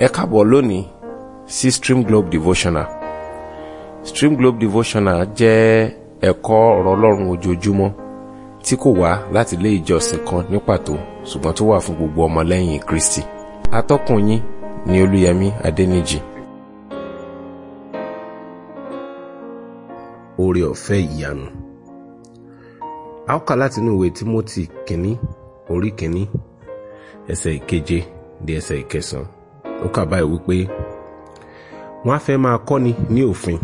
ẹ káàbọ̀ lónìí sí Stream Globe Devotional Stream Globe Devotional jẹ́ ẹ̀kọ́ ọ̀rọ̀ ọlọ́run ojoojúmọ́ tí kò wá láti ilé ìjọsìn kan ní pàtó ṣùgbọ́n tó wà fún gbogbo ọmọlẹ́yìn Kristi atọ́kùn yín ni Olúyẹmí Adẹ́nìjì. oore ọ̀fẹ́ ìyanu a ó kà láti inú ìwé Tímótì kìíní orí kìíní ẹsẹ̀ ìkeje dé ẹsẹ̀ ìkẹsàn-án ó kà báyìí wípé wọ́n á fẹ́ máa kọ́ni ní òfin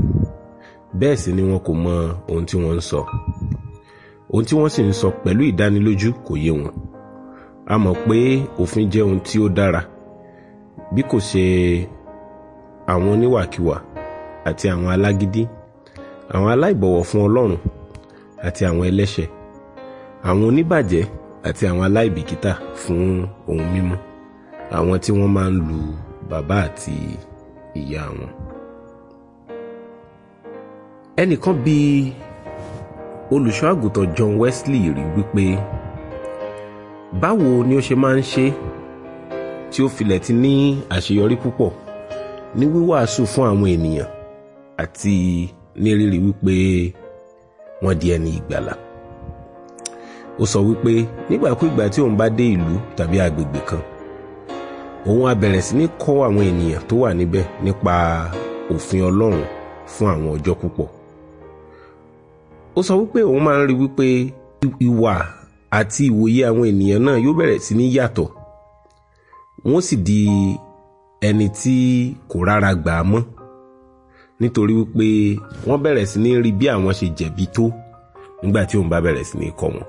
bẹ́ẹ̀ sì ni wọn kò mọ ohun tí wọ́n ń sọ ohun tí wọ́n sì ń sọ pẹ̀lú ìdánilójú kò yé wọn a mọ̀ pé òfin jẹ́ ohun tí ó dára bí kò ṣe àwọn oníwàkiwà àti àwọn alágídí àwọn aláìbọ̀wọ̀ fún Ọlọ́run àti àwọn ẹlẹ́ṣẹ̀ àwọn oníbàjẹ́ àti àwọn aláìbìkítà fún ohun mímu àwọn tí wọ́n máa ń lu bàbá àti ìyá wọn. ẹnìkan bi olùṣọ́ àgùntàn John Wesley rí wípé báwo ni ó ṣe máa ń ṣe tí ó filẹ̀ ti ní àṣeyọrí púpọ̀ ní wíwàásù fún àwọn ènìyàn àti ní rírí wípé wọ́n di ẹni ìgbàlà ó sọ wípé nígbàkúìgbà tí òun bá dé ìlú tàbí agbègbè kan òun á bẹ̀rẹ̀ sí ní kọ́ àwọn ènìyàn tó wà níbẹ̀ nípa òfin ọlọ́run fún àwọn ọjọ́ púpọ̀ ó sọ wípé òun máa ń rí wípé ìwà àti ìwòye àwọn ènìyàn náà yóò bẹ̀rẹ̀ sí ní yàtọ̀ wọ́n sì di ẹni tí kò rárá gbà á mọ́ nítorí wípé wọ́n bẹ̀rẹ̀ sí ní rí bí àwọn ṣe jẹ̀bi tó nígbà tí òun bá bẹ̀rẹ̀ sí ní kọ́ wọn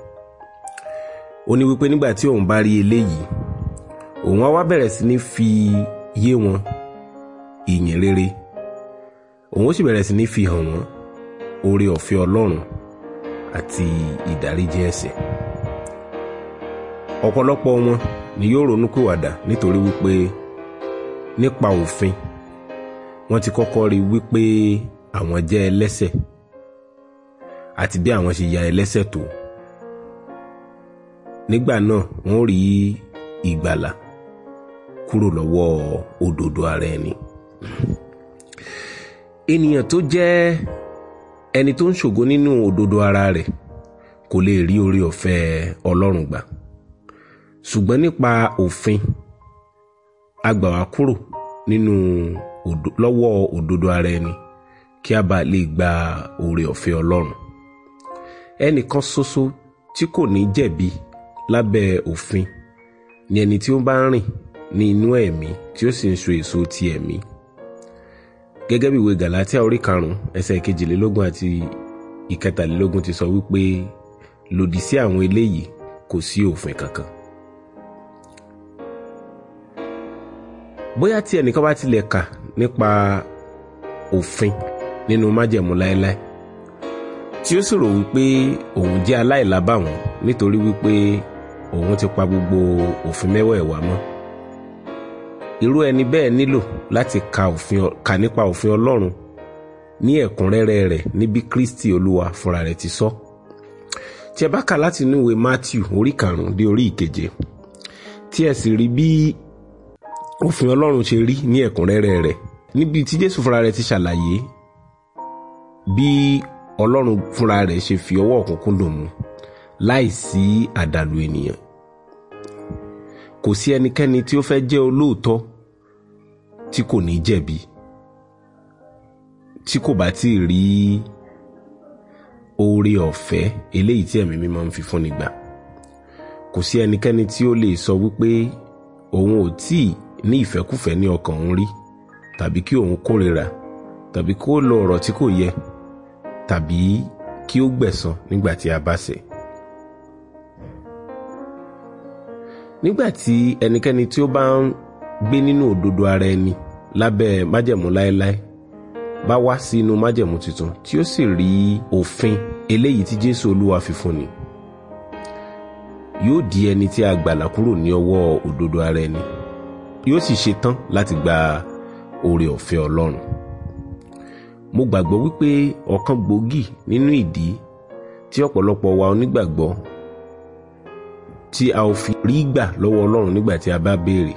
ó ní wípé nígbà tí òun bá rí eléyìí òun á wá bẹ̀rẹ̀ sí ní fi yé wọn ìyìn rere òun ó sì bẹ̀rẹ̀ sí ní fi hàn wọ́n oore ọ̀fẹ́ ọlọ́run àti ìdáríjì ẹ̀ṣẹ̀ ọ̀pọ̀lọpọ̀ wọn ni yóò ronúpìwàdà nítorí wípé nípa òfin wọ́n ti kọ́kọ́ rí wípé àwọn jẹ́ ẹlẹ́ṣẹ̀ àti bí àwọn ṣe ya ẹlẹ́ṣẹ̀ tó nígbà náà wọ́n rí ìgbàlà kúrò lọ́wọ́ òdodo ara ẹni ènìyàn tó jẹ́ ẹni tó ń ṣògo nínú òdodo ara rẹ̀ kò lè rí orí ọ̀fẹ́ ọlọ́run gbà ṣùgbọ́n nípa òfin a gbà wá kúrò nínú lọ́wọ́ òdodo ara ẹni kí a bá lè gba oore ọ̀fẹ́ ọlọ́run ẹnìkan ṣoṣo tí kò ní jẹ̀bi lábẹ́ òfin ni ẹni tí ó bá ń rìn ní inú ẹ̀mí tí ó sì ń so èso ti ẹ̀mí. gẹ́gẹ́ bí ìwé Gàlátíà orí karùn-ún ẹsẹ̀ kejìlélógún àti ìkẹtàlélógún ti sọ wípé lòdì sí àwọn eléyìí kò sí òfin kankan. bóyá tí ẹnìkan bá tilẹ̀ kà nípa òfin nínú májẹ̀mú láéláé tí ó sì rò wípé òun jẹ́ aláìlábàwọ́n nítorí wípé òun ti pa gbogbo òfin mẹ́wẹ̀ẹ̀wá mọ́ irú ẹni bẹ́ẹ̀ nílò láti ka òfin kà nípa òfin ọlọ́run ní ẹ̀kúnrẹ́rẹ́ rẹ̀ níbi kristi olúwa fúnra rẹ̀ ti sọ tí ẹ bá kà láti inú ìwé matthew orí karùnún dé orí ìkeje tí ẹ sì rí bí òfin ọlọ́run ṣe rí ní ẹ̀kúnrẹ́rẹ́ rẹ̀ níbi tí jésù fúnra rẹ̀ ti ṣàlàyé bí ọlọ́run fúnra rẹ̀ ṣe fi ọwọ́ òkùnkùn dùn mú láì àdàlù ènìyàn kò sí ẹnikẹ́ni tí ó fẹ́ jẹ́ olóòótọ́ tí kò ní jẹ̀bi tí kò bá ti rí oore ọ̀fẹ́ eléyìí tí ẹ̀mí mímọ́ ń fi fúnni gbà kò sí ẹnikẹ́ni tí ó lè sọ wípé òun ò tíì ní ìfẹ́kùfẹ́ ní ọkàn òun rí tàbí kí òun kórìíra tàbí kó lo ọ̀rọ̀ tí kò yẹ tàbí kí ó gbẹ̀san nígbà tí a bá ṣẹ̀ nígbà tí ẹnikẹ́ni tí ó bá ń gbé nínú òdodo ara ẹni lábẹ́ májẹ̀mú láéláé bá wá sí inú májẹ̀mú tuntun tí ó sì rí òfin eléyìí tí Jésù Olúwa fi fún ni yóò di ẹni tí a gbàlà kúrò ní ọwọ́ òdodo ara ẹni yóò sì ṣe tán láti gba oore ọ̀fẹ́ Ọlọ́run mo gbàgbọ́ wípé ọ̀kan gbòógì nínú ìdí tí ọ̀pọ̀lọpọ̀ wa onígbàgbọ́ tí a ò fi rí gbà lọ́wọ́ ọlọ́run nígbà tí a bá béèrè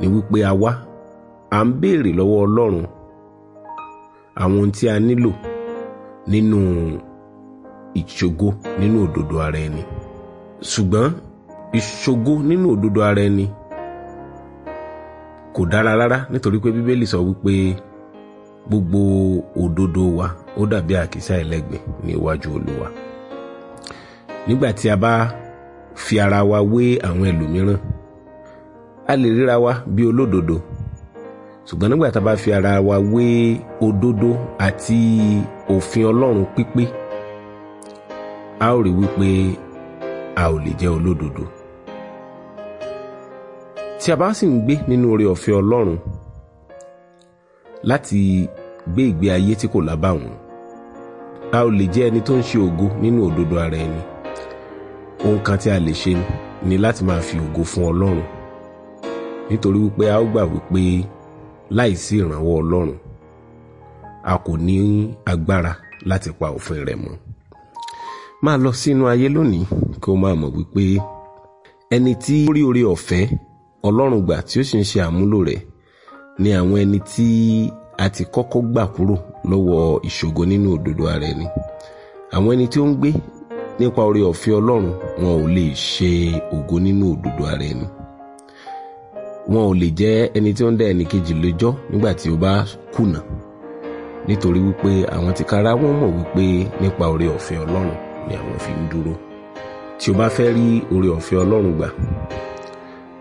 ni wípé a wá à ń béèrè lọ́wọ́ ọlọ́run àwọn ohun tí a nílò nínú ìṣògo nínú òdodo ara ẹni ṣùgbọ́n ìṣògo nínú òdodo ara ẹni kò dára rárá nítorí pé bíbélì sọ wípé gbogbo òdodo wa ó dàbí àkísà ẹlẹ́gbin ní iwájú olúwa nígbà tí a bá fi ara wa wé àwọn ẹlòmíràn a lè ríra wa bí olódodo ṣùgbọ́n nígbà tá a bá fi ara wa wé òdodo àti òfin ọlọ́run pípé a ó rí wípé a ò lè jẹ́ olódodo tí a bá sì ń gbé nínú oore ọ̀fẹ́ ọlọ́run láti gbé ìgbé ayé tí kò lábàwọ́n a ò lè jẹ́ ẹni tó ń ṣe ògo nínú òdodo ara ẹni ohun kan tí a lè ṣe ni láti máa fi ògo fún ọlọ́run nítorí wípé a ó gbà wípé láìsí ìrànwọ́ ọlọ́run a kò ní agbára láti pa òfin rẹ̀ mọ́ máa lọ sínú ayé lónìí kí o máa mọ̀ wípé ẹni tí ó rí ọ̀fẹ́ ọlọ́run gbà tí ó sì ń ṣe àmúlò rẹ̀ ni àwọn ẹni tí a ti kọ́kọ́ gbà kúrò lọ́wọ́ ìṣògo nínú òdodo ara ẹni àwọn ẹni tí ó ń gbé nípa oore ọ̀fẹ́ ọlọ́run wọn ò lè ṣe ògo nínú òdodo ara ẹni wọn ò lè jẹ́ ẹni tí ó ń dá ẹnì kejì lẹ́jọ́ nígbà tí ó bá kùnà nítorí wípé àwọn tìkára wọn mọ̀ wípé nípa oore ọ̀fẹ́ ọlọ́run ni àwọn fi ń dúró tí o bá fẹ́ rí oore ọ̀fẹ́ ọlọ́run gbà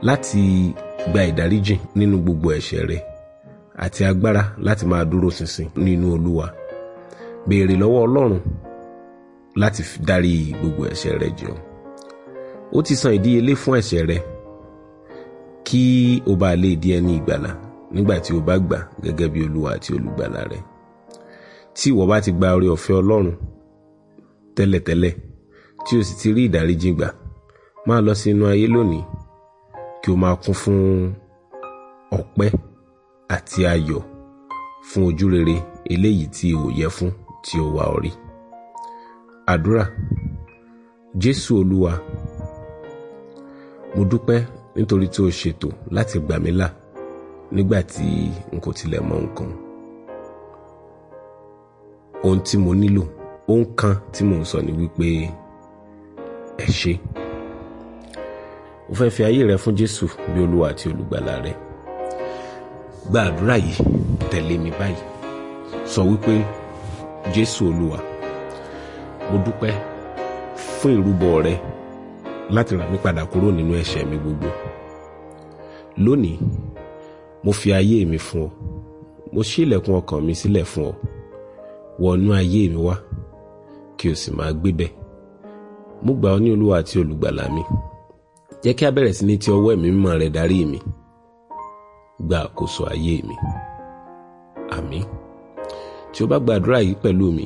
láti gba ìdáríjì nínú gbogbo ẹ̀ṣẹ̀ rẹ àti agbára láti máa dúró ṣinṣin nínú olúwa béèrè lọ́wọ́ ọlọ́run láti dárí gbogbo ẹ̀ṣẹ̀ rẹ jì ọ́ ó ti san ìdíyelé fún ẹ̀ṣẹ̀ rẹ kí o bá lè di ẹni ìgbàlà nígbà tí o bá gbà gẹ́gẹ́ bí olúwa àti olùgbàlà rẹ tí ìwọ bá ti gba oore ọ̀fẹ́ ọlọ́run tẹ́lẹ̀tẹ́lẹ̀ tí o sì ti rí ìdáríjì gbà máa lọ sínú ayé lónìí kí o máa kún fún ọpẹ́ àti ayọ̀ fún ojú eléyìí tí o yẹ fún tí o wà ọ rí. Àdúrà Jésù Olúwa mo dúpẹ́ nítorí tí o ṣètò láti gbà mí là nígbà tí n kò tilẹ̀ mọ nǹkan ohun tí mo nílò ohun kan tí mò ń sọ ni wípé ẹ ṣé o fẹ́ fi ayé rẹ fún Jésù bí Olúwa àti Olùgbàlà rẹ gba àdúrà yìí tẹ̀lé mi báyìí sọ wípé Jésù Olúwa mo dúpẹ́ fún ìrúbọ rẹ láti rà mí padà kúrò nínú ẹ̀ṣẹ̀ mi gbogbo lónìí mo fi ayé mi fún ọ mo ṣí ilẹ̀kùn ọkàn mi sílẹ̀ fún ọ wọnú ayé mi wá kí o sì máa gbé bẹ̀ mo gbà ọ ní olúwa àti olùgbàlà mi jẹ́ kí a bẹ̀rẹ̀ sí ní ti ọwọ́ ẹ̀mí mímọ́ rẹ darí mi gba àkóso ayé mi àmín tí o bá gbàdúrà yìí pẹ̀lú mi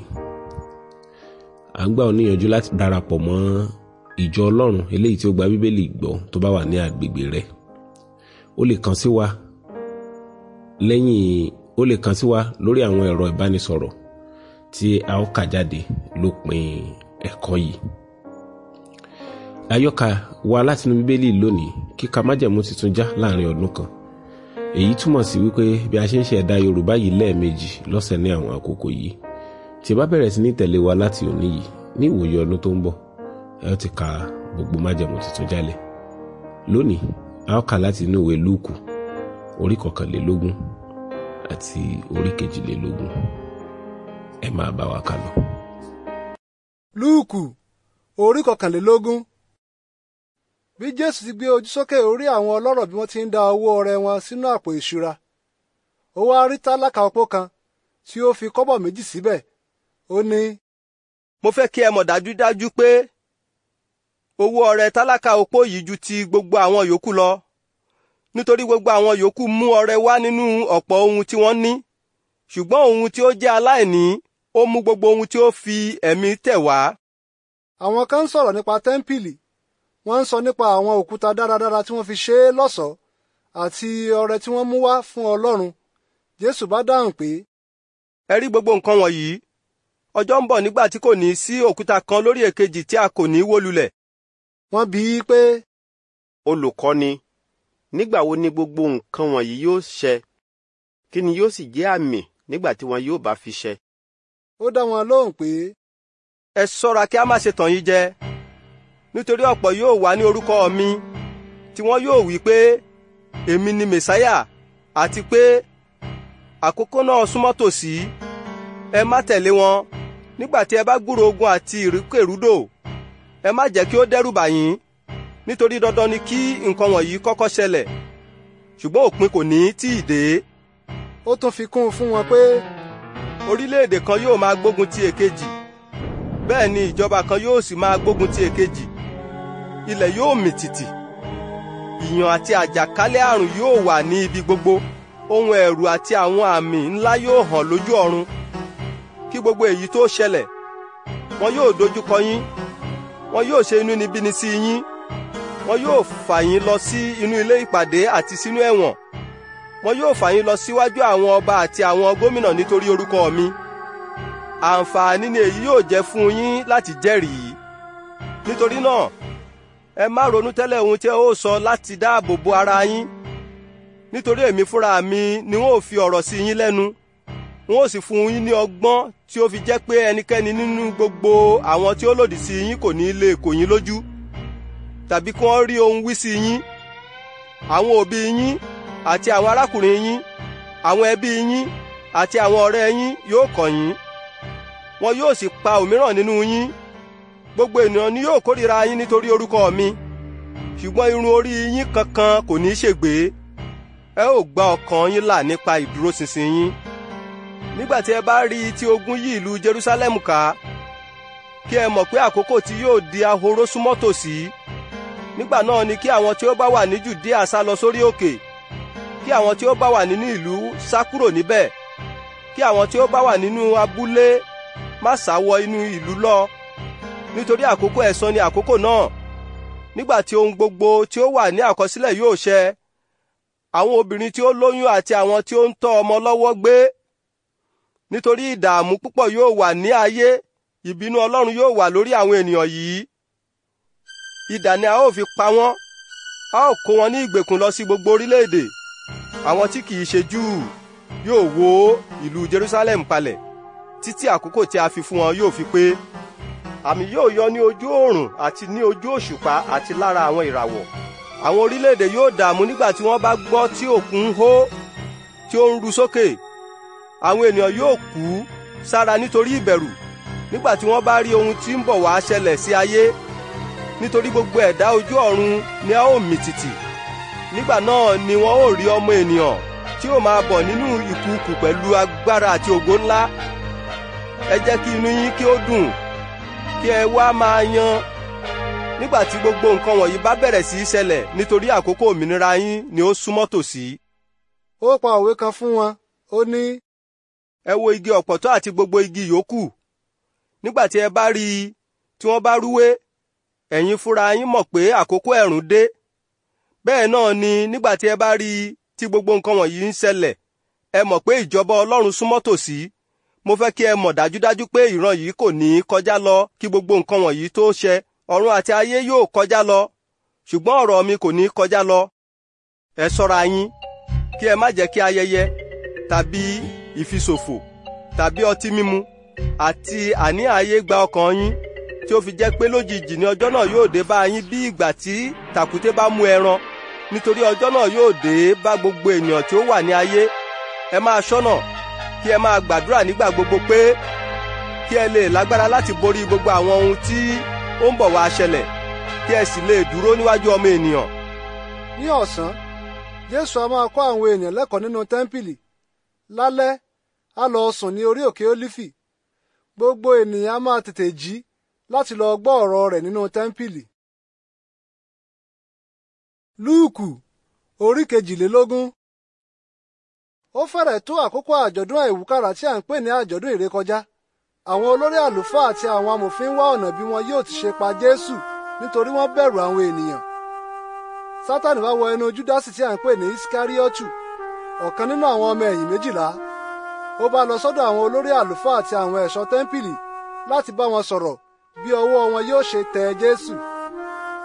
à ń gbà ọ níyànjú láti darapọ̀ mọ́ ìjọ ọlọ́run eléyìí tí ó gba bíbélì gbọ́ tó bá wà ní agbègbè rẹ ó lè kàn sí wa lẹ́yìn ó lè kàn sí wa lórí àwọn ẹ̀rọ ìbánisọ̀rọ̀ tí a ó kà jáde lópin ẹ̀kọ́ yìí àyọkà wa látinú bíbélì lónìí kíka májẹ̀mú tuntun já láàrin ọdún kan èyí túmọ̀ sí wípé bí a ṣe ń ṣẹ̀dá yorùbá yìí lẹ́ẹ̀mejì lọ́sẹ̀ ní àwọn àkókò yìí tí ẹ bá bẹ̀rẹ̀ sí ní tẹ̀lé wa láti òní yìí ní ìwòye ọdún tó ń bọ̀ ẹ ó ti ka gbogbo májẹ̀mú tuntun jálẹ̀ lónìí a ó kà láti inú ìwé lúùkù orí kọkànlélógún àti orí kejìlélógún ẹ máa bá wa kà lọ. lúùkù orí kọkànlélógún bí jésù ti gbé ojú sókè orí àwọn ọlọ́rọ̀ bí wọ́n ti ń da owó ọrẹ wọn sínú àpò ìṣúra ó wá rí tálákà opó kan tí ó fi kọ́bọ̀ méjì síbẹ̀ ó ní. mo fẹ́ kí ẹ mọ̀ dájúdájú pé owó ọrẹ tálákà opó yìí ju ti gbogbo àwọn yòókù lọ nítorí gbogbo àwọn yòókù mú ọrẹ wá nínú ọ̀pọ̀ ohun tí wọ́n ní ṣùgbọ́n ohun tí ó jẹ́ aláìní ó mú gbogbo ohun tí ó fi ẹ̀mí tẹ̀ wá. àwọn kan ń sọ̀rọ̀ nípa tẹ́ḿpìlì wọ́n ń sọ nípa àwọn òkúta dáradára tí wọ́n fi ṣe é lọ́ṣọ̀ọ́ àti ọrẹ tí wọ́n mú wá fún ọlọ́run jésù bá dáhùn pé. ẹ rí gbogbo nǹkan wọ̀nyí ọjọ́ ń bọ̀ nígbà tí kò ní sí òkúta kan lórí èkejì tí a kò ní wó lulẹ̀. wọ́n bi í pé. olùkọ́ni nígbà wo ni gbogbo nǹkan wọ̀nyí yóò ṣẹ kí ni yóò sì jẹ́ àmì nígbà tí wọn yóò bá fi ṣẹ. ó dá wọn lóhùn pé. ẹ ṣọ́ra kí a má ṣe tàn yín jẹ nítorí ọ̀pọ̀ yóò wá ní orúkọ mi tí wọ́n yóò wí pé èmi ni mẹ̀sáyà àti pé àkókò náà súnmọ́ tòsí ẹ má tẹ̀lé wọn nígbà tí ẹ bá gbúrò ogun àti ìrúkèrúdò ẹ má jẹ́ kí ó dẹ́rù bà yín nítorí dandan ni kí nǹkan wọ̀nyí kọ́kọ́ ṣẹlẹ̀ ṣùgbọ́n òpin kò ní tí ì dé. ó tún fi kún un fún wọn pé. orílẹ̀-èdè kan yóò máa gbógun ti èkejì bẹ́ẹ̀ ni ìjọba kan yóò sì máa gbógun ti èkejì ilẹ̀ yóò mì tìtì ìyàn àti àjàkálẹ̀ àrùn yóò wà ní ibi gbogbo ohun ẹ̀rù àti àwọn àmì ńlá yóò hàn lójú ọ̀run kí gbogbo èyí tó ṣẹlẹ̀ wọn yóò dojúkọ yín wọn yóò ṣe inú nibíni sí yín wọn yóò fà yín lọ sí inú ilé ìpàdé àti sínú ẹ̀wọ̀n wọn yóò fà yín lọ síwájú àwọn ọba àti àwọn gómìnà nítorí orúkọ mi àǹfààní ni èyí yóò jẹ́ fún yín láti jẹ́rìí nítorí náà ẹ má ronú tẹ́lẹ̀ ohun tí ẹ ó sọ láti dáàbò bo ara yín nítorí èmi fúnra mi ni wọn ò fi ọ̀rọ̀ sí yín lẹ́nu n ó sì fún yín ní ọgbọ́n tí ó fi jẹ́ pé ẹnikẹ́ni nínú gbogbo àwọn tí ó lòdì sí yín kò ní lè kò yín lójú tàbí kí wọ́n rí ohun wí sí yín àwọn òbí yín àti àwọn arákùnrin yín àwọn ẹbí yín àti àwọn ọ̀rẹ́ yín yóò kọ̀ yín wọn yóò sì pa òmíràn nínú yín gbogbo ènìyàn ni yóò kórìíra yín nítorí orúkọ mi ṣùgbọ́n irun orí yín kankan kò ní í ṣègbé ẹ ó gba ọkàn yín là nípa ìdúróṣinṣin yín nígbà tí ẹ bá rí i tí ogun yí ìlú Jerusalem ká kí ẹ mọ̀ pé àkókò tí yóò di ahoro súnmọ́ tòsí nígbà náà ni kí àwọn tí ó bá wà ní Jùdíà sá lọ sórí òkè kí àwọn tí ó bá wà nínú ìlú sá kúrò níbẹ̀ kí àwọn tí ó bá wà nínú abúlé má sá wọ inú ìlú lọ nítorí àkókò ẹ̀san ni àkókò náà nígbà ohun gbogbo tí ó wà ní àkọsílẹ̀ yóò ṣẹ àwọn obìnrin tí ó lóyún àti àwọn tí ó ń tọ́ ọmọ lọ́wọ́ gbé nítorí ìdààmú púpọ̀ yóò wà ní ayé ìbínú ọlọ́run yóò wà lórí àwọn ènìyàn yìí idà ni a ó fi pa wọ́n a ó kó wọn ní ìgbèkùn lọ sí gbogbo orílẹ̀-èdè àwọn tí kìí ṣe júù yóò wó ìlú jerusalem palẹ̀ títí àkókò tí a fi fún wọn yóò fi pé àmì yóò yọ ní ojú oòrùn àti ní ojú òṣùpá àti lára àwọn ìràwọ̀ àwọn orílẹ̀-èdè yóò dààmú nígbà tí wọ́n bá gbọ́ tí òkun ń hó tí ó ń ru sókè àwọn ènìyàn yóò kú sára nítorí ìbẹ̀rù nígbà tí wọ́n bá rí ohun tí ń bọ̀ wá ṣẹlẹ̀ sí ayé nítorí gbogbo ẹ̀dá ojú ọ̀run ni a ó mì tìtì nígbà náà ni wọn ó rí ọmọ ènìyàn tí ó máa bọ̀ nínú ìkúùkù pẹ̀lú agbára àti ògo ńlá ẹ jẹ́ kí inú yín kí ó dùn kí ẹ wá máa yan nígbà tí gbogbo nǹkan wọ̀nyí bá bẹ̀rẹ̀ sí í ṣẹlẹ̀ nítorí àkókò òmìnira yín ni ó súnmọ́ tòsí. ó pa òwe kan fún wọn ó ní ẹ wo igi ọ̀pọ̀tọ́ àti gbogbo igi yòókù nígbà tí ẹ bá rí i tí wọ́n bá rúwé ẹ̀yin fúnra yín mọ̀ pé àkókò ẹ̀rùn dé bẹ́ẹ̀ náà ni nígbà ẹ bá rí i tí gbogbo nǹkan wọ̀nyí ń ṣẹlẹ̀ ẹ mọ̀ pé ìjọba ọlọ́run súnmọ́ tòsí mo fẹ́ kí ẹ mọ̀ dájúdájú pé ìran yìí kò ní kọjá lọ kí gbogbo nǹkan wọ̀nyí tó ṣẹ ọ̀run àti ayé yóò kọjá lọ ṣùgbọ́n ọ̀rọ̀ mi kò ní kọjá lọ ẹ ṣọ́ra yín kí ẹ má jẹ́ kí ayẹyẹ tàbí ìfiṣòfò tàbí ọtí mímu àti àní ààyè gba ọkàn yín tí ó fi jẹ́ pé lójijì ni ọjọ́ náà yóò dé bá yín bí ìgbà tí tàkúté bá mú ẹran nítorí ọjọ́ náà yóò dé bá gbogbo ènìyàn tí ó wà ní ayé ẹ máa ṣọ́nà kí ẹ máa gbàdúrà nígbà gbogbo pé kí ẹ lè lágbára láti borí gbogbo àwọn ohun tí ó ń bọ̀ wá ṣẹlẹ̀ kí ẹ sì lè dúró níwájú ọmọ ènìyàn. ní ọ̀sán jésù a máa kọ́ àwọn èèyàn lẹ́kọ̀ọ́ nínú tẹ́ḿpìlì lálẹ́ a lọ sùn ní orí òkè ólífì gbogbo ènìyàn a máa tètè jí láti lọ gbọ́ ọ̀rọ̀ rẹ̀ nínú tẹ́ḿpìlì. lúùkù orí kejìlélógún ó fẹ́rẹ̀ tó àkókò àjọ̀dún àìwúkàrà tí à ń pè ní àjọ̀dún ìrékọjá àwọn olórí àlùfáà àti àwọn amòfin wá ọ̀nà bí wọn yóò ti ṣe pa jésù nítorí wọ́n bẹ̀rù àwọn ènìyàn sátánì wá wọ ẹnu júdásì tí à ń pè ní iskariotu ọ̀kan nínú àwọn ọmọ ẹ̀yìn méjìlá ó bá lọ sọ́dọ̀ àwọn olórí àlùfáà àti àwọn ẹ̀ṣọ́ tẹ́ḿpìlì láti bá wọn sọ̀rọ̀ bí ọwọ́ wọn yóò ṣe tẹ Jésù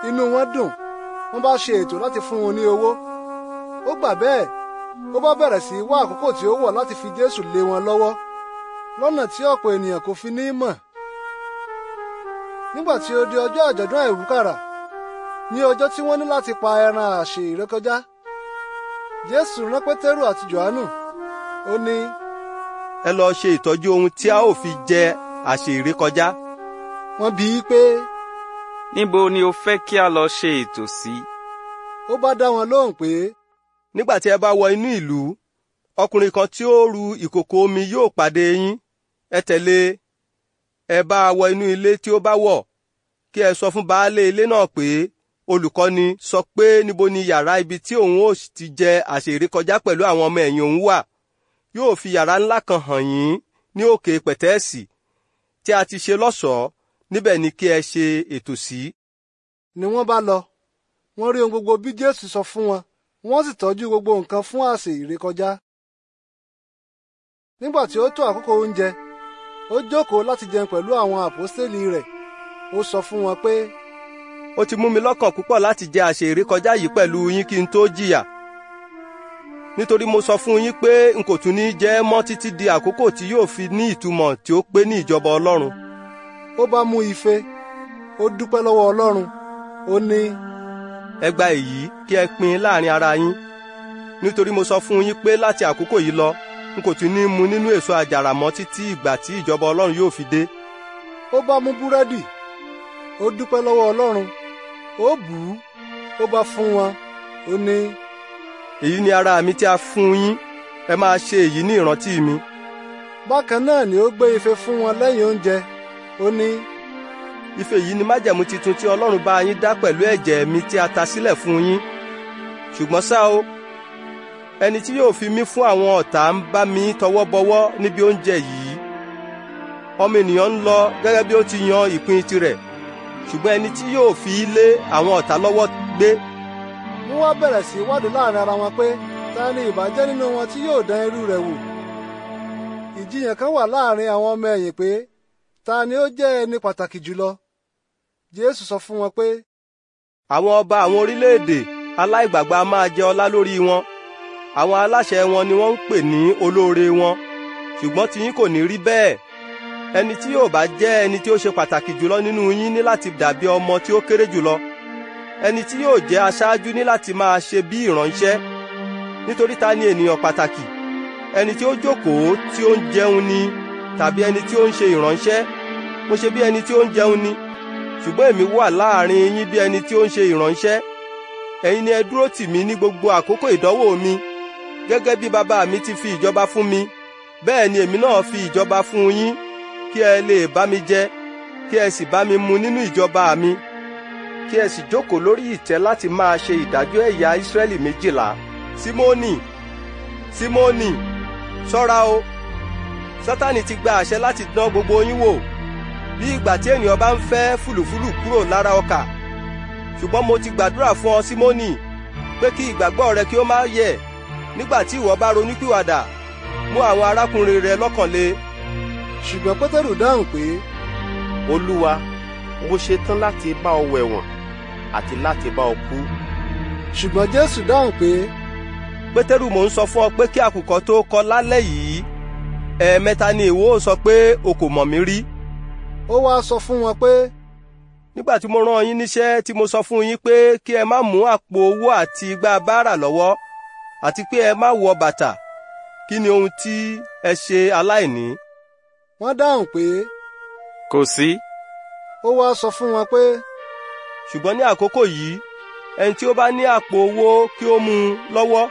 inú wọn dùn wọ́n bá ṣe ètò láti fún un ní owó ó gbà bẹ́ẹ̀ ó bá bẹ̀rẹ̀ sí í wá àkókò tí ó wọ̀ láti fi Jésù lé wọn lọ́wọ́ lọ́nà tí ọ̀pọ̀ ènìyàn kò fi ní mọ̀ nígbà tí ó di ọjọ́ àjọ̀dún àìwúkàrà ní ọjọ́ tí wọ́n ní láti pa ẹran àsè ìrékọjá jésù rán pétérù àti jòhánù ó ní. ẹ lọ ṣe ìtọ́jú ohun tí a ó fi jẹ àsè ìrékọjá. wọ́n bi í pé. níbo ni o fẹ́ kí a lọ ṣe ètò sí. ó bá dá wọn lóhùn pé. nígbà tí ẹ bá wọ inú ìlú ọkùnrin kan tí ó ru ìkòkò omi yóò pàdé yín ẹ tẹ̀lé e. ẹ bá wọ inú ilé tí ó bá wọ̀ kí ẹ sọ fún baálé ilé náà pé olùkọ́ni sọ pé níbo ni yàrá ibi tí òun ó ti jẹ àṣèrékọjá pẹ̀lú àwọn ọmọ ẹ̀yìn òun wà yóò fi yàrá ńlá kan hàn yín ní òkè pẹ̀tẹ́ẹ̀sì tí a ti ṣe lọ́ṣọ̀ọ́ níbẹ̀ ni kí ẹ ṣe ètò sí. ni wọ́n bá lọ wọ́n rí ohun gbogbo bí jésù sọ fún wọn wọ́n sì tọ́jú gbogbo nǹkan fún àsè ìrékọjá. nígbà tí ó tó àkókò oúnjẹ ó jókòó láti jẹun pẹ̀lú àwọn àpòstélì rẹ̀ ó sọ fún wọn pé ó ti mú mi lọ́kàn púpọ̀ láti jẹ́ àṣẹ ìrékọjá yìí pẹ̀lú yín kí n tó jìyà nítorí mo sọ fún yín pé n kò tún ní jẹ́ mọ́ títí di àkókò tí yóò fi ní ìtumọ̀ tí ó pé ní ìjọba ọlọ́run. ó bá mú ife ó dúpẹ́ lọ́wọ́ ọlọ́run ó ní. ẹ gba èyí kí ẹ pín láàrin ara yín nítorí mo sọ fún yín pé láti àkókò yìí lọ n kò tún ní mu nínú èso àjàrà mọ́ títí ìgbà tí ìjọba ọlọ́run yóò fi dé. ó bá mú búrẹ́dì ó dúpẹ́ lọ́wọ́ ọlọ́run ó bù ú ó bá fún wọn ó ní. èyí ni ara mi tí a fún yín ẹ máa ṣe èyí ní ìrántí mi. bákan náà ni ó gbé ife fún wọn lẹ́yìn oúnjẹ ó ní. ife yìí ni májẹ̀mú titun tí ọlọ́run bá yín dá pẹ̀lú ẹ̀jẹ̀ mi tí a ta sílẹ̀ fún yín ṣùgbọ́n ṣá o ẹni tí yóò fi mí fún àwọn ọ̀tá ń bá mi tọwọ́ bọwọ́ níbi oúnjẹ yìí ọmọ ènìyàn ń lọ gẹ́gẹ́ bí ó ti yan ìpín tirẹ̀ ṣùgbọ́n ẹni tí yóò fi lé àwọn ọ̀tá lọ́wọ́ gbé. wọ́n wá bẹ̀rẹ̀ sí wádìí láàrin ara wọn pé ta ni ìbàjẹ́ nínú wọn tí yóò dán irú rẹ̀ wò. ìjiyàn kan wà láàrin àwọn ọmọ ẹ̀yìn pé ta ni ó jẹ́ ẹni pàtàkì jùlọ. jésù sọ fún wọn pé. àwọn ọba àwọn orílẹ̀-èdè aláìgbàgbà máa jẹ ọlá lórí wọn àwọn aláṣẹ wọn ni wọ́n ń pè ní olóore wọn ṣùgbọ́n tiyín kò ní rí bẹ́ẹ̀ ẹni tí yóò bá jẹ́ ẹni tí ó ṣe pàtàkì jùlọ nínú yín ní láti dàbí ọmọ tí ó kéré jùlọ ẹni tí yóò jẹ́ aṣáájú ní láti máa ṣe bí ìránṣẹ́ nítorí ta ni ènìyàn pàtàkì ẹni tí ó jókòó tí ó ń jẹun ni tàbí ẹni tí ó ń ṣe ìránṣẹ́ mo ṣe bí ẹni tí ó ń jẹun ni ṣùgbọ́n èmi wà láàrin yín bí ẹni tí ó ń ṣe ìránṣẹ́ ẹ̀yin ni ẹ dúró tì mí ní gbogbo àkókò ìdánwò mi gẹ́gẹ́ bí bàbá mi ti fi ìjọba fún mi bẹ́ẹ̀ ni èmi náà fi ìjọba fún yín kí ẹ lè bá mi jẹ kí ẹ sì bá mi mu nínú ìjọba mi kí ẹ sì jókòó lórí ìtẹ́ láti máa ṣe ìdájọ́ ẹ̀yà Ísírẹ́lì méjìlá Símónì Símónì ṣọ́ra o Sátánì ti gba àṣẹ láti dán gbogbo yín wò bí ìgbà tí ènìyàn bá ń fẹ́ fùlùfùlù kúrò lára ọkà ṣùgbọ́n mo ti gbàdúrà fún ọ Símónì pé kí ìgbàgbọ́ rẹ kí ó má yẹ̀ nígbà tí ìwọ bá ronúpìwàdà mú àwọn arákùnrin rẹ lọ́kànlé ṣùgbọ́n pétérù dáhùn pé. olúwa mo ṣetán láti bá ọ wẹ̀wọ̀n àti láti bá ọ kú. ṣùgbọ́n jésù dáhùn pé. pétérù mò ń sọ fún ọ pé kí àkùkọ tó kọ lálẹ́ yìí ẹ̀ẹ̀mẹ́ta ni ìwọ sọ pé o kò mọ̀ mí rí. ó wáá sọ fún wọn pé. nígbà tí mo rán yín níṣẹ́ tí mo sọ fún yín pé kí ẹ má mú àpò owó àti igbá báárà lọ́wọ́ àti pé ẹ má wọ bàtà kí ni ohun tí ẹ ṣe aláìní wọ́n dáhùn pé. kò sí. ó wá sọ fún wọn pé. ṣùgbọ́n ní àkókò yìí ẹni tí ó bá ní àpò owó kí ó mú un lọ́wọ́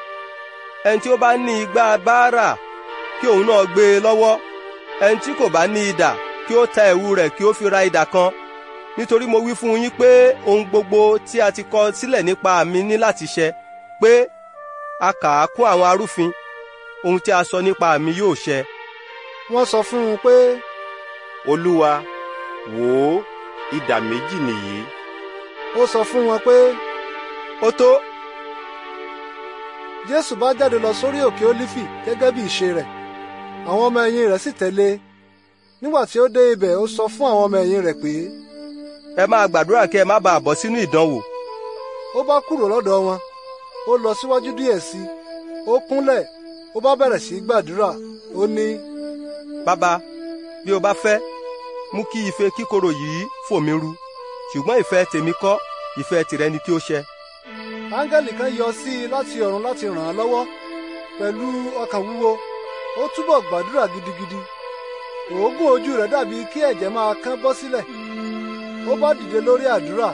ẹni tí ó bá ní igbá báárà kí òun náà gbé e lọ́wọ́ ẹni tí kò bá ní idà kí ó ta ẹ̀wù rẹ̀ kí ó fi ra idà kan nítorí mo wí fún yín pé ohun gbogbo tí a ti kọ sílẹ̀ nípa mi ní láti ṣẹ pé a kà á kún àwọn arúfin ohun tí a sọ nípa mi yóò ṣẹ wọ́n sọ fún un pé olúwa wò ó idà méjì nìyí ó sọ fún wọn pé ó tó jésù bá jáde lọ sórí òkè ólífì gẹ́gẹ́ bí ìṣe rẹ̀ àwọn ọmọ ẹ̀yìn rẹ̀ sì tẹ̀lé nígbà tí ó dé ibẹ̀ ó sọ fún àwọn ọmọ ẹ̀yìn rẹ̀ pé. ẹ máa gbàdúrà kí ẹ má bàa bọ́ sínú ìdánwò. ó bá kúrò lọ́dọ̀ wọn ó lọ síwájú díẹ̀ sí i ó kúnlẹ̀ ó bá bẹ̀rẹ̀ sí í gbàdúrà ó ní. bàbá bí o bá fẹ́ mú kí ife kíkorò yìí fò mí ru ṣùgbọ́n ìfẹ́ tèmi kọ́ ìfẹ́ tìrẹ ni kí ó ṣẹ. áńgẹ́lì kan yọ sí i láti ọ̀run láti ràn án lọ́wọ́ pẹ̀lú ọkàn wúwo ó túbọ̀ gbàdúrà gidigidi òógùn ojú rẹ̀ dàbí kí ẹ̀jẹ̀ máa kán bọ́ sílẹ̀ ó bá dìde lórí àdúrà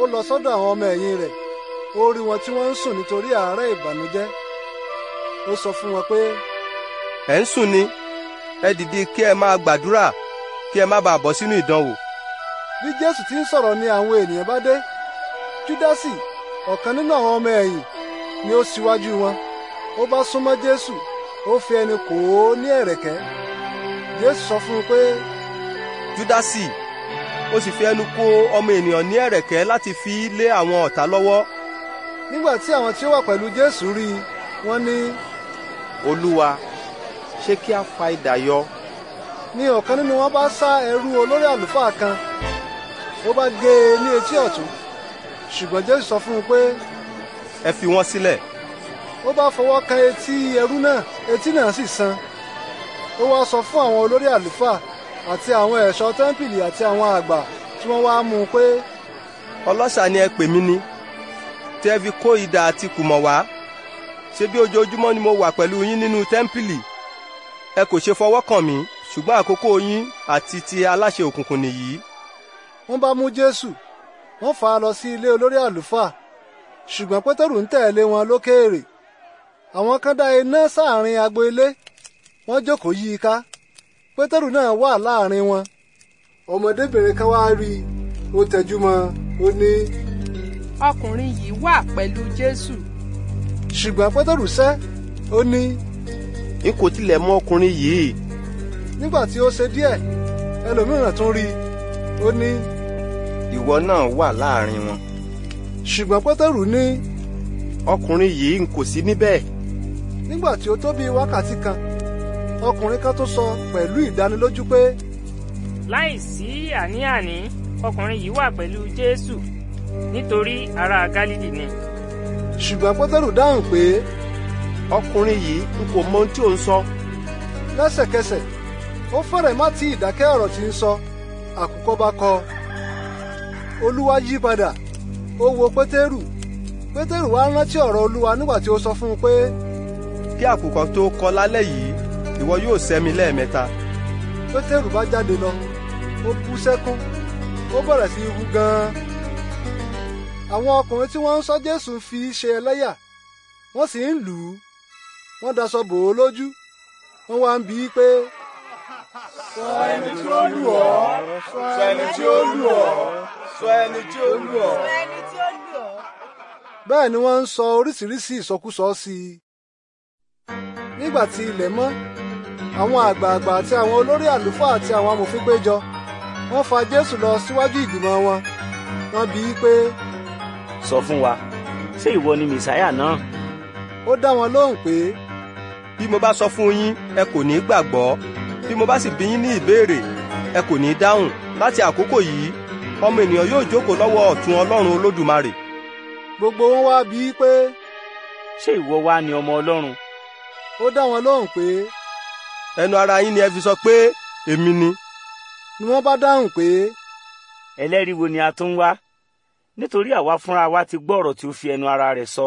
ó lọ sọ́dọ̀ àwọn ọmọ ẹ̀yìn rẹ̀ ó rí wọn tí wọ́n ń sùn nítorí àárẹ̀ ìbànújẹ́ ó sọ fún wọn pé. ẹ̀ ń sùn ni. ẹ dìde kí ẹ máa gbàdúrà kí ẹ má bàa bọ́ sínú ìdánwò. bí jésù ti ń sọ̀rọ̀ ni àwọn ènìyàn bá dé júdásì ọ̀kan nínú àwọn ọmọ ẹ̀yìn ni ó ṣíwájú wọn ó bá súnmọ́ jésù ó fi ẹnu kò ó ní ẹ̀rẹ̀kẹ́ jésù sọ fún un pé. júdásì ó sì fi ẹnu kò ọmọ ènìyàn ní ẹ̀rẹ̀kẹ́ láti fi lé àwọn ọ̀tá lọ́wọ́. nígbà tí àwọn tí ó wà pẹ̀lú jésù rí i wọ́n ní. olúwa ṣé kí a fa idà yọ. ni ọ̀kan nínú wọn bá sá ẹrú olórí àlùfáà kan ó bá gé e ní etí ọ̀tún ṣùgbọ́n jésù sọ fún un pé. ẹ fi wọn sílẹ̀. ó bá fọwọ́ kan etí ẹrú náà etí náà sì san ó wá sọ fún àwọn olórí àlùfáà àti àwọn ẹ̀ṣọ́ tẹ́ḿpìlì àti àwọn àgbà tí wọ́n wá mú un pé. ọlọ́ṣà ni ẹ pè mí ni tẹ́ fi kó idà àti kùmọ̀ wá ṣé bí ojoojúmọ́ ni mo wà pẹ̀lú yín nínú tẹ́ḿpìlì ẹ kò ṣe fọwọ́ kàn mí ṣùgbọ́n àkókò yín àti ti aláṣẹ òkùnkùn nìyí. wọ́n bá mú jésù wọ́n fà á lọ sí ilé olórí àlùfáà ṣùgbọ́n pétérù ń tẹ̀lé wọn lókèèrè àwọn kan dá iná sáàrin agbo ilé wọ́n jókòó yí i ká pétérù náà wà láàrin wọn ọmọdébìnrin kan wá rí i ó tẹjú mọ́ ó ní. ọkùnrin yìí wà pẹ̀lú jésù. ṣùgbọ́n pétérù sẹ́ ó ní n kò tilẹ̀ mọ ọkùnrin yìí. nígbà tí ó ṣe díẹ̀ ẹlòmíràn tún rí i ó ní. ìwọ náà wà láàrin wọn. ṣùgbọ́n pétérù ní. ọkùnrin yìí n kò sí níbẹ̀. nígbà tí ó tó bí wákàtí kan ọkùnrin kan tó sọ pẹ̀lú ìdánilójú pé. láìsí àní-àní ọkùnrin yìí wà pẹ̀lú jésù nítorí ará gálílì ni. ṣùgbọ́n pétérù dáhùn pé ọkùnrin yìí n kò mọ ohun tí ò ń sọ. lẹ́sẹ̀kẹsẹ̀ ó fẹ́rẹ̀ má tí ìdákẹ́ ọ̀rọ̀ tí ń sọ àkùkọ bá kọ. olúwa yí padà ó wo pétérù pétérù wá rántí ọ̀rọ̀ olúwa nígbà tí ó sọ fún un pé. kí àkùkọ tó kọ lálẹ́ yìí ìwọ yóò sẹ́ lẹ́ẹ̀mẹ́ta. pétérù bá jáde lọ ó bú sẹ́kún ó bẹ̀rẹ̀ sí í hú gan-an. àwọn ọkùnrin tí wọ́n ń sọ jésù fi ṣe ẹlẹ́yà wọ́n sì ń lù ú wọ́n daṣọ bò ó lójú wọ́n wá ń bi í pé. sọ ẹni tí ó lù ọ́ sọ ẹni tí ó lù ọ́ sọ ẹni tí ó lù ọ́. bẹ́ẹ̀ ni wọ́n ń sọ oríṣiríṣi ìsọkúsọ sí i. nígbà tí ilẹ̀ mọ́ àwọn àgbààgbà àti àwọn olórí àlùfáà àti àwọn amòfin péjọ wọ́n fa Jésù lọ síwájú ìgbìmọ̀ wọn wọ́n bi í pé. sọ fún wa ṣé ìwọ ni mìsáyà náà. ó dá wọn lóhùn pé bí mo bá sọ fún yín ẹ kò ní gbàgbọ́ bí mo bá sì bí yín ní ìbéèrè ẹ kò ní dáhùn láti àkókò yìí ọmọ ènìyàn yóò jókòó lọ́wọ́ ọ̀tún ọlọ́run olódùmarè. gbogbo wọn wá bí pé. ṣé ìwọ wá ni ọmọ ọlọ́run. ó dá wọn lóhùn pé. ẹnu ara yín ni ẹ fi sọ pé èmi ni. ni wọ́n bá dáhùn pé. ẹlẹ́rìí wo ni a tún wá nítorí àwa fúnra wa ti gbọ́ ọ̀rọ̀ tí ó fi ẹnu ara rẹ̀ sọ